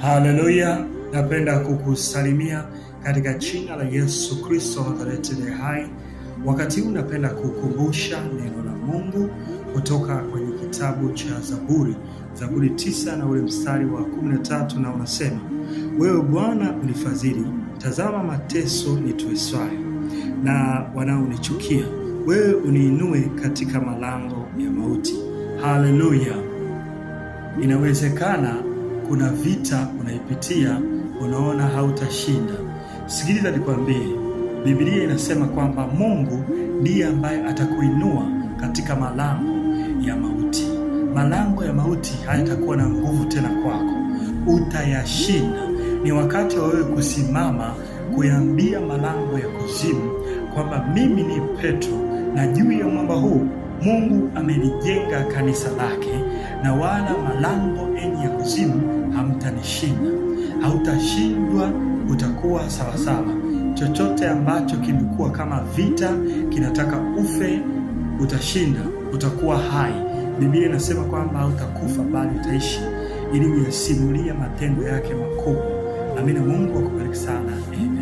Haleluya! Napenda kukusalimia katika jina la Yesu Kristo wa Nazareti aliye hai. Wakati huu napenda kukumbusha neno la Mungu kutoka kwenye kitabu cha Zaburi, Zaburi tisa na ule mstari wa 13, na unasema wewe Bwana unifadhili, tazama mateso niteswayo na wanaonichukia, wewe uniinue katika malango ya mauti. Haleluya! Inawezekana kuna vita unaipitia, unaona hautashinda, sikiliza nikwambie, Biblia inasema kwamba Mungu ndiye ambaye atakuinua katika malango ya mauti. Malango ya mauti hayatakuwa na nguvu tena kwako, utayashinda. Ni wakati wa wewe kusimama kuyambia malango ya kuzimu kwamba mimi ni Petro na juu ya mwamba huu Mungu amelijenga kanisa lake na wala malango eni ya kuzimu hamtanishinda. Hautashindwa, utakuwa sawasawa. Chochote ambacho kimekuwa kama vita kinataka ufe, utashinda, utakuwa hai. Biblia inasema kwamba hautakufa bali utaishi, ili uyasimulie matendo yake makubwa. Amina. Mungu akubariki sana. Amen.